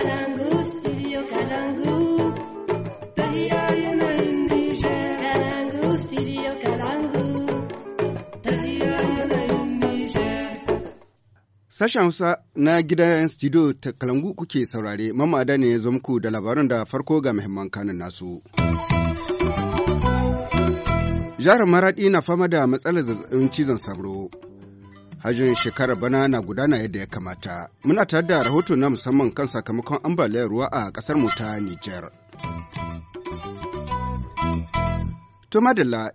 Kalangu, Sashen Hausa na gidan studio ta Kalangu kuke saurare, mamada ne ya zo muku da labarin da farko ga muhimman kanin nasu. Jihar Maraɗi na fama da matsalar zazzabin cizon sauro. hajjin shekarar bana na gudana yadda ya kamata. Muna tare da rahoto na musamman kan sakamakon ambaliyar ruwa a ƙasar mu ta Nijar. To madalla,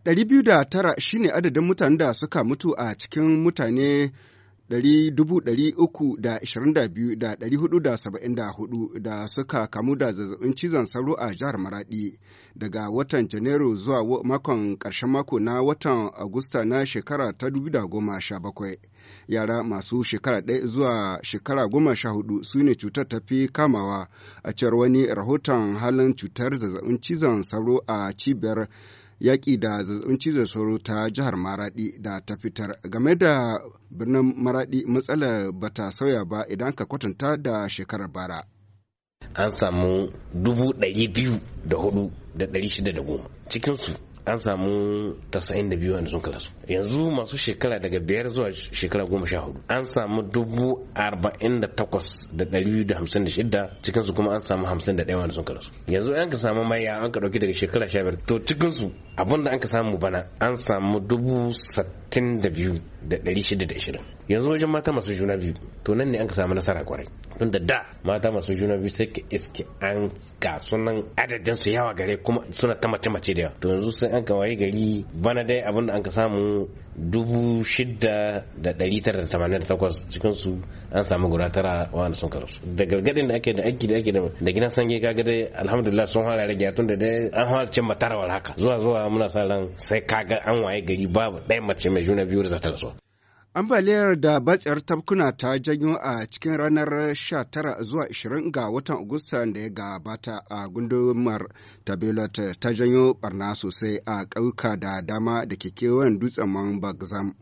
tara shine adadin mutanen da suka mutu a cikin mutane 322,474 da suka kamu da zazzabin cizon sauro a jihar Maradi daga watan Janairu zuwa makon ƙarshen mako na watan Agusta na shekara ta 2017. Yara masu shekara ɗaya zuwa shekara goma sha hudu su ne cutar ta fi kamawa a cewar wani rahoton halin cutar zazzabin cizon sauro a cibiyar yaƙi da zazzabin cizon sauro ta jihar Maradi da ta fitar game da birnin Maradi matsalar ta sauya ba idan ka kwatanta da shekarar bara. An samu dubu ɗari biyu da hudu da ɗari shida da goma cikinsu an samu da biyu wanda sun kalasu yanzu masu shekara daga biyar zuwa shekara goma sha hudu an samu dubu arba'in da takwas da ɗari biyu da hamsin da shidda cikinsu kuma an samu hamsin da ɗaya wanda sun kalasu yanzu an ka samu maya an ka ɗauki daga shekara sha biyar to cikinsu abin da an ka samu bana an samu dubu sattin da biyu da ɗari shida da ashirin yanzu wajen mata masu juna biyu to nan ne an ka samu nasara kwarai tun da da mata masu juna biyu sai ka iske an ka sunan adadin su yawa gare kuma suna ta mace mace da yawa to yanzu sai an ka waye gari bana dai abin da an ka samu 6,988 cikinsu an samu guda tara wanda sun karasu da gargadin da ake da aiki da ake da gidan sange kaga dai alhamdulillah sun hana rage tun da dai an hana cin matarawar haka zuwa zuwa muna sa ran sai kaga an waye gari babu ɗaya mace mai juna biyu da za ta rasu Ambaliyar da batsiyar tafkuna ta janyo a cikin ranar 19 zuwa 20 ga watan Agusta da ya gabata a gundumar Tabelot ta janyo barna sosai a ƙauyuka da dama da ke kewayen dutsen Mambagzam.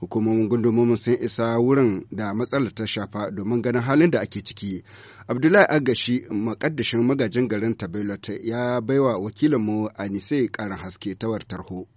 Hukumomin gundumomin sun isa wurin da matsalar ta shafa domin ganin halin da ake ciki. Abdullahi Agashi, makaddashin magajin garin Tabelot, ya baiwa wakilinmu Anise ƙarin haske ta tarho.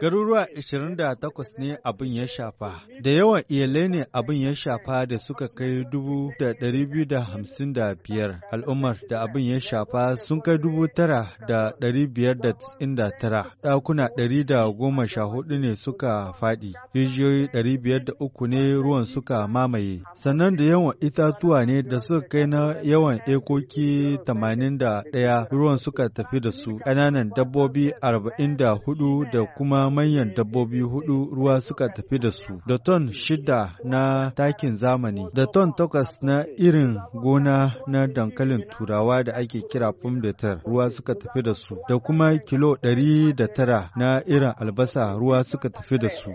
Garuruwa 28 ne abin ya shafa, da yawan iyalai ne abin ya shafa da suka kai 2,255 al'ummar da abin ya shafa sun kai 9,599 ɗakuna 114 ne suka faɗi, rijiyoyi 503 ne ruwan suka mamaye, sannan da yawan itatuwa ne da suka kai na yawan ekoki 81 ruwan suka tafi da su, ƙananan dabbobi 40 da hudu da kuma manyan dabbobi hudu ruwa suka tafi da su, da ton shida na takin zamani, da ton takwas na irin gona na dankalin turawa da ake kira fumdatar ruwa suka tafi da su, da kuma kilo ɗari da tara na irin albasa ruwa suka tafi da su.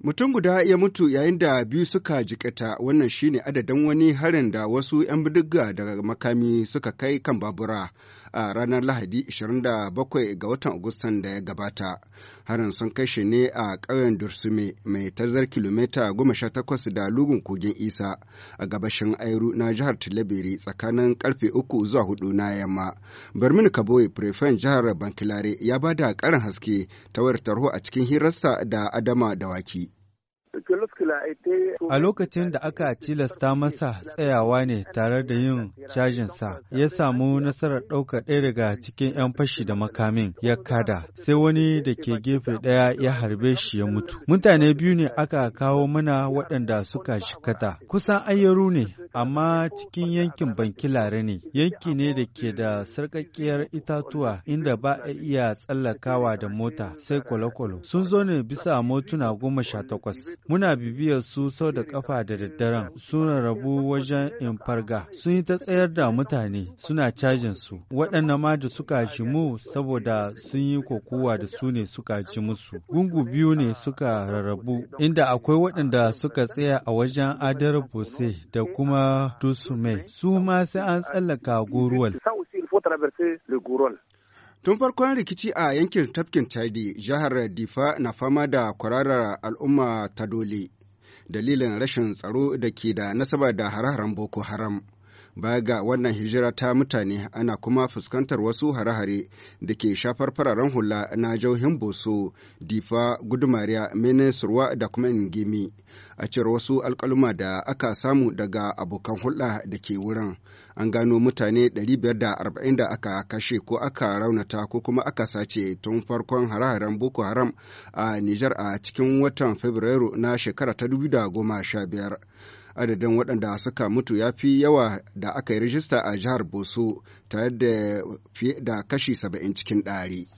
Mutum guda ya mutu yayin da biyu suka jikata wannan shine adadin wani harin da wasu 'yan bidiga daga makami suka kai kan babura. a ranar Lahadi 27 ga watan Agustan da ya gabata. Harin sun kashe ne a ƙauyen Dursume mai tazar kilomita 18 da lugun kogin Isa a gabashin Airu na jihar Tilabiri tsakanin karfe 3 zuwa 4 na yamma. Barmin Kaboye Prefen jihar Bankilare ya bada karin haske ta wayar tarho a cikin hirarsa da Adama Dawaki. A lokacin da aka tilasta masa tsayawa ne tare da yin cajinsa, ya samu nasarar ɗauka ɗaya daga cikin 'yan fashi da makamin ya kada, sai wani da ke gefe ɗaya ya harbe shi ya mutu. Mutane biyu ne aka kawo mana waɗanda suka shikata. Kusan ayyaru ne, amma cikin yankin Bankilare ne, yanki ne da ke da sarƙaƙƙiyar itatuwa inda ba a iya tsallakawa da mota sai kwale-kwale. Sun zo ne bisa motuna goma sha takwas. Muna bibiyar su sau da kafa da daddaren suna rabu wajen infarga sun yi ta tsayar da mutane suna cajin su waɗannan ma da suka mu saboda sun yi kokowa da su ne suka ji musu. Gungu biyu ne suka rarrabu inda akwai waɗanda suka tsaya a wajen adar bose da kuma dusume su ma sai an tsallaka goruwal. Tun farkon rikici a yankin tafkin Chadi, jihar Difa na fama da kwararar al'umma ta dole, dalilin rashin tsaro da ke da nasaba da hare-haren Boko Haram. baya ga wannan hijira ta mutane ana kuma fuskantar wasu hare-hare da ke shafar fararen hula na jauhin boso difa gudumariya surwa da kuma ingimi a cewar wasu alkaluma da aka samu daga abokan hulɗa da ke wurin an gano mutane 540 da aka kashe ko aka raunata ko kuma aka sace tun farkon hare boko haram a nijar a cikin watan fabrairu na shekara ta 2015 adadin waɗanda suka mutu ya fi yawa da aka yi rijista a jihar boso tare da fiye da kashi saba'in cikin ɗari.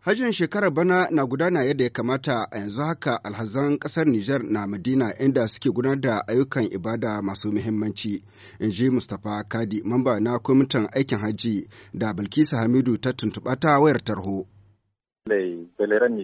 Hajjin shekarar bana na gudana yadda ya kamata a yanzu haka alhazan kasar Nijar na Madina inda suke gudanar da ayyukan ibada masu muhimmanci, in ji Mustapha Kadi, mamba na kwamitin aikin hajji da Bilkisu Hamidu ta tuntuɓa ta wayar tarho.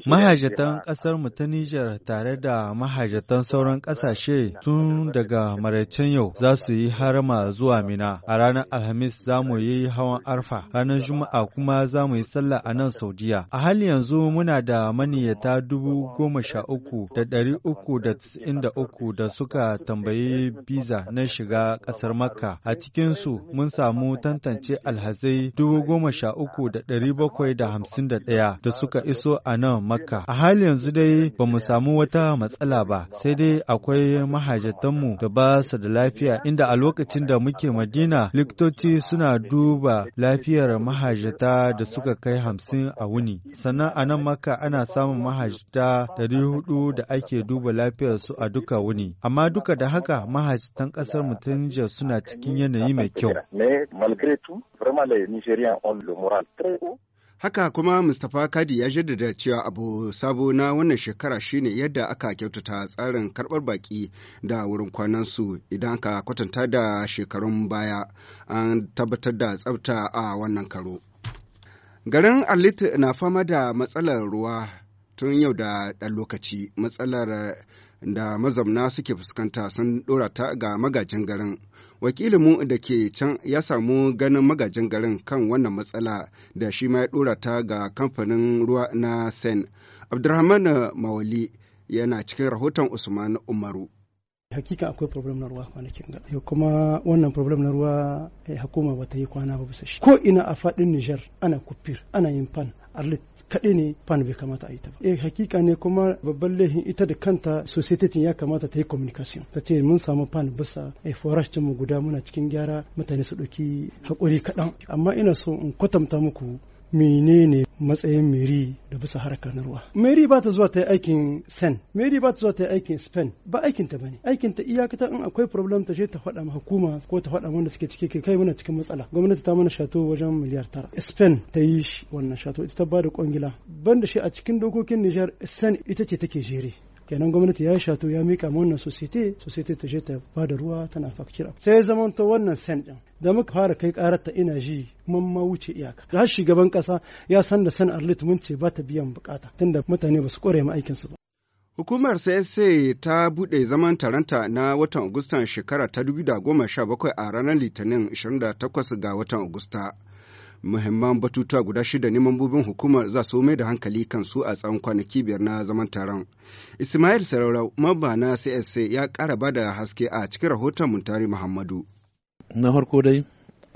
Mahajatan ƙasar mu ta Nijar tare da mahajatan sauran ƙasashe tun daga maraicen yau za su yi harama zuwa Mina. A ranar Alhamis za mu yi hawan arfa, ranar Juma'a kuma za mu yi sallah a nan Saudiya. A hali yanzu muna da maniyata dubu goma sha uku da ɗari uku da tis'in da uku da suka tambayi biza na shiga ƙasar Makka. A cikinsu mun samu tantance alhazai dubu goma sha uku da ɗari bakwai da hamsin da ɗaya suka iso a nan Makka. A hali yanzu dai ba mu samu wata matsala ba, sai dai akwai mahajatanmu da ba su da lafiya inda a lokacin da muke Madina likitoci suna duba lafiyar mahajata da suka kai hamsin a wuni. Sannan a nan Makka ana samun mahajata dari hudu da ake duba lafiyar su a duka wuni. Amma duka da haka mahajatan kasar mu suna cikin yanayi mai kyau. Haka kuma Mustapha Kadi ya jaddada cewa abu sabo na wannan shekara shine yadda aka kyautata tsarin karɓar baƙi da wurin kwanansu idan aka kwatanta da shekarun baya an tabbatar da tsabta a wannan karo. Garin alit na fama da matsalar ruwa tun yau da ɗan lokaci matsalar da mazamna suke fuskanta sun ɗora ta ga magajin garin. wakilinmu da ke can ya samu ganin magajin garin kan wannan matsala da shi ma ya dora ta ga kamfanin ruwa na sen abdulrahman mawali yana cikin rahoton usman umaru hakika akwai problem na ruwa kwanakin ga kuma wannan problem na ruwa eh, hukuma ba ta yi kwana ba bisa shi ko ina a fadin Nijar ana kufir ana yin fan arlit kaɗai ne fan bai kamata a yi ta ba. Eh hakika ne kuma babban laifin ita da kanta society ya kamata ta yi communication ta ce mun samu fan bisa a eh, forage mu guda muna cikin gyara mutane su ɗauki haƙuri kaɗan amma ina so in kwatanta muku menene matsayin Mary da bisa harkar na ruwa. mary ba ta zuwa ta yi aikin sen, mary ba ta zuwa ta yi aikin spain ba aikin ta bane. Aikin ta iyakata in akwai problem ta je ta faɗa ma hukuma ko ta faɗa wanda suke cike kai muna cikin matsala. Gwamnati ta mana shato wajen miliyar tara. Spain ta yi shi wannan shato ita ta ba da kwangila. Banda shi a cikin dokokin Nijar sen ita ce take jere. kenan gwamnati ya yi shato ya mika ma wannan societe societe ta je ta ba da ruwa tana fakcira sai ya zama ta wannan sen din da muka fara kai karata ina ji mun ma wuce iyaka da har shugaban kasa ya san da san arlit mun ce ba ta biyan bukata tunda mutane ba su kware ma aikin su ba Hukumar CSA ta bude zaman taranta na watan Agustan shekara ta 2017 a ranar Litinin 28 ga watan Agusta. Muhimman batutuwa guda shida ne mambobin hukumar za su mai da hankali kan su a tsawon kwanaki biyar na zaman taron. Ismail Saraurau, mamba na CSA ya kara ba da haske a cikin rahoton Muntari Muhammadu. na farko dai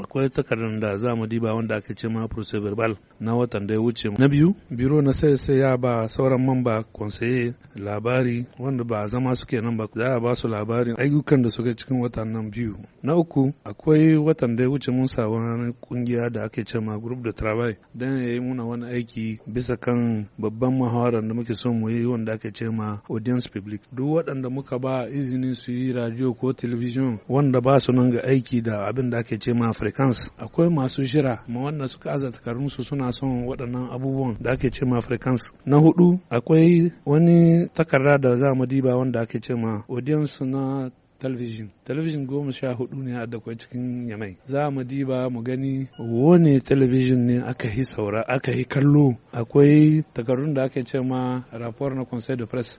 akwai takardar da za mu diba wanda aka ce ma verbal na watan da ya wuce na biyu biro na sai sai ya ba sauran mamba konseye labari wanda ba zama suke nan ba za a ba su labarin ayyukan da suka cikin watan nan biyu na uku akwai watan da ya wuce mun sa wani kungiya da ake ce ma group da travail dan ya yi muna wani aiki bisa kan babban muhawarar da muke son mu yi wanda ake ce ma audience public duk waɗanda muka ba izinin su yi radio ko television wanda ba su nan ga aiki da abin da ake ce ma africans akwai masu shira ma wannan suka aza takarunsu suna son waɗannan abubuwan da ake ce ma africans na hudu akwai wani takarda da za mu diba wanda ake ce ma audience na Television. talbijin goma sha hudu ne a dakwai cikin yamai za mu diba mu gani wane television ne aka yi saura aka yi kallo akwai takarun da ake ce ma na conseil de presse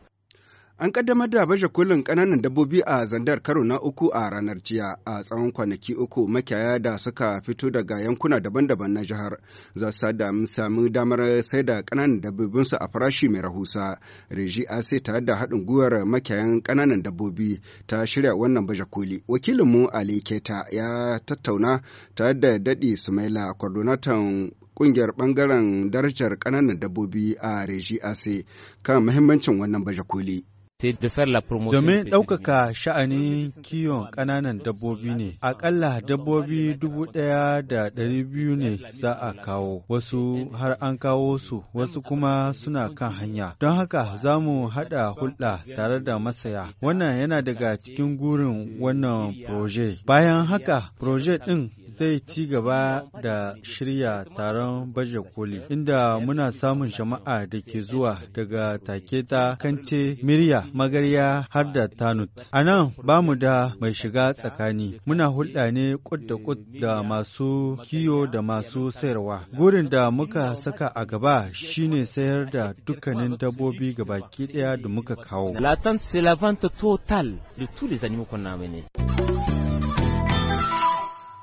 An kaddamar da baje kolin ƙananan dabbobi a zandar karo na uku a ranar jiya a tsawon kwanaki uku makiyaya da suka fito daga yankuna daban-daban na jihar za su sami damar sai da ƙananan dabbobinsu a farashi mai rahusa. Reji Ase ta da haɗin gwiwar makiyayan ƙananan dabbobi ta shirya wannan baje koli. Wakilinmu Ali Keta ya tattauna ta da Daɗi Sumaila Kwadonatan ƙungiyar ɓangaren darajar ƙananan dabbobi a Reji Ase kan muhimmancin wannan baje koli. Domin ɗaukaka sha'anin kiwon ƙananan dabbobi ne, aƙalla dabbobi dubu ɗaya da ɗari biyu ne za a kawo, wasu har an kawo su, wasu kuma suna kan hanya. Don haka za mu haɗa hulɗa tare da masaya. Wannan yana daga cikin gurin wannan proje. Bayan haka, proje ɗin zai ci gaba da shirya taron baje koli, inda muna samun jama'a da ke zuwa daga Taketa, Kance, Mirya, magarya har da tanut. A nan ba mu da mai shiga tsakani, muna hulɗa ne kud da kud da masu kiyo da masu sayarwa. Gurin da muka saka a gaba shine sayar da dukkanin dabbobi ga baki ɗaya da muka kawo.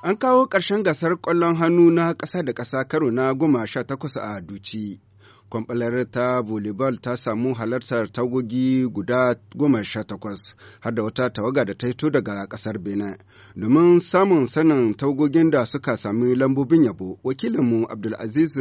An kawo ƙarshen gasar ƙwallon hannu na ƙasa da ƙasa karo na goma sha takwas a Duci. kwamfalar ta volleyball ta samu halartar tagogi guda goma sha takwas har da wata tawaga da ta hito daga kasar benin domin samun sanin tagogin da suka sami lambobin yabo wakilinmu abdulaziz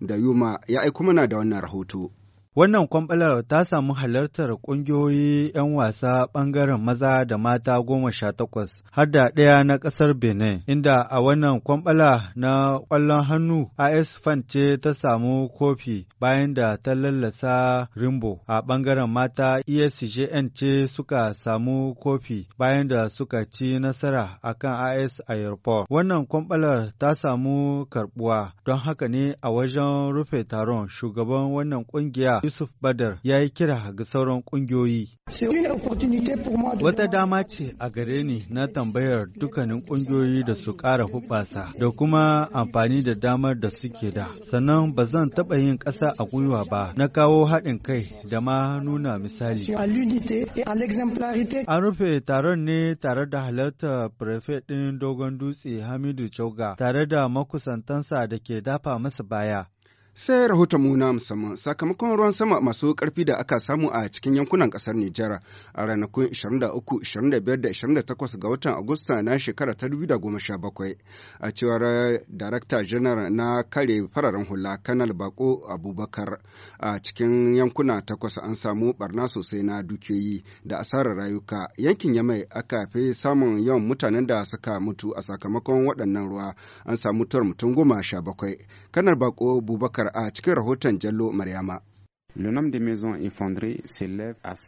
da yuma ya kuma mana da wannan rahoto Wannan kwamɓalar ta samu halartar ƙungiyoyi 'yan wasa ɓangaren maza da mata goma sha takwas, har da ɗaya na ƙasar Benin, inda a wannan kwamɓala na ƙwallon hannu AS Fan ce ta samu kofi bayan da ta lallasa Rimbo. A ɓangaren mata ESGN ce suka samu kofi bayan da suka ci nasara a kan AS Airport. Wannan kwamɓalar ta samu karɓuwa, don haka ne a wajen rufe taron shugaban wannan ƙungiya Yusuf Badar ya yi kira ga sauran ƙungiyoyi. Wata dama ce a gare ni na tambayar dukkanin ƙungiyoyi da su ƙara huɓasa, da kuma amfani da damar da suke da. Sannan ba zan taɓa yin ƙasa a gwiwa ba na kawo haɗin kai da ma nuna misali. An rufe taron ne tare da halartar prefet ɗin Dogon Dutse Hamidu Chauga tare da makusantansa da ke dafa masa baya. sai rahoton mu na musamman sakamakon ruwan sama masu karfi da aka samu a cikin yankunan ƙasar Nijar a ranakun 23, 25 da 28 ga watan Agusta na shekara ta 2017 a cewar Darakta General na kare fararen hula Kanal Bako Abubakar a cikin yankuna takwas an samu barna sosai na dukiyoyi da asarar rayuka yankin Yamai aka fi samun yawan mutanen da suka mutu a sakamakon waɗannan ruwa an samu mutuwar mutum goma sha bakwai Kanar Bako Abubakar a cikin rahoton Jallo Maryama.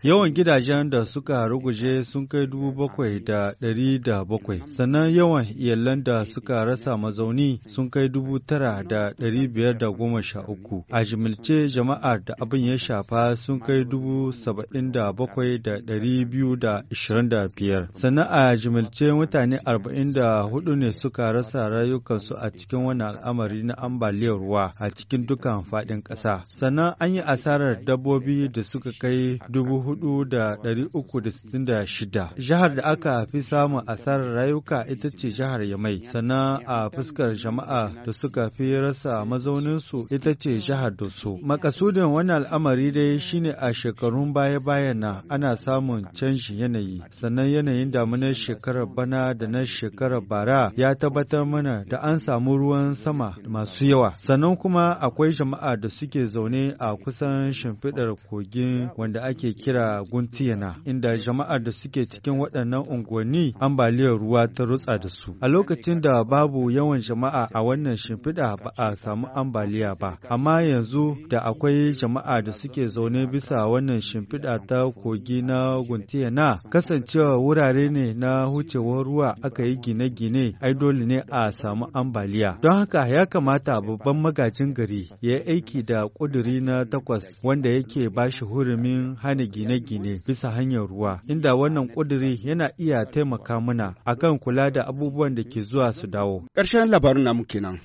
Yawan gidajen da suka ruguje sun kai dubu bakwai da ɗari da bakwai, sannan yawan iyalan da suka rasa mazauni sun kai dubu tara da ɗari biyar da goma sha uku. A jimilce jama'ar da abin ya shafa sun kai dubu saba'in da bakwai da ɗari biyu da ishirin da biyar. Sannan a jimilce mutane arba'in da hudu ne suka rasa rayukansu a cikin wani al'amari na ambaliyar ruwa a cikin dukan faɗin ƙasa. Sannan an yi asarar asarar dabbobi da suka kai 4,366. Jihar da aka fi samun asarar rayuka ita ce jihar Yamai, sannan a fuskar jama'a da suka fi rasa mazauninsu ita ce jihar Doso. Makasudin wani al'amari dai shine a shekarun baya-bayan na ana samun canjin yanayi, sannan yanayin damunar shekarar bana da na shekarar bara ya tabbatar mana da an samu ruwan sama masu yawa. Sannan kuma akwai jama'a da suke zaune a kusan wajen shimfiɗar kogin wanda ake kira Guntiyana, inda jama'ar da suke cikin waɗannan unguwanni ambaliyar ruwa ta rutsa da su. A lokacin da babu yawan jama'a a wannan shimfiɗa ba a samu ambaliya ba, amma yanzu da akwai jama'a da suke zaune bisa wannan shimfiɗa ta kogi na Guntiyana, kasancewa wurare ne na wucewar ruwa aka yi gine-gine, ai dole ne a samu ambaliya. Don haka ya kamata babban magajin gari ya aiki da ƙuduri na takwas wanda yake ba shi hurumin hana gine-gine bisa hanyar ruwa, inda wannan ƙuduri yana iya taimaka mana akan kula da abubuwan da ke zuwa su dawo. Ƙarshen labarin namu kenan.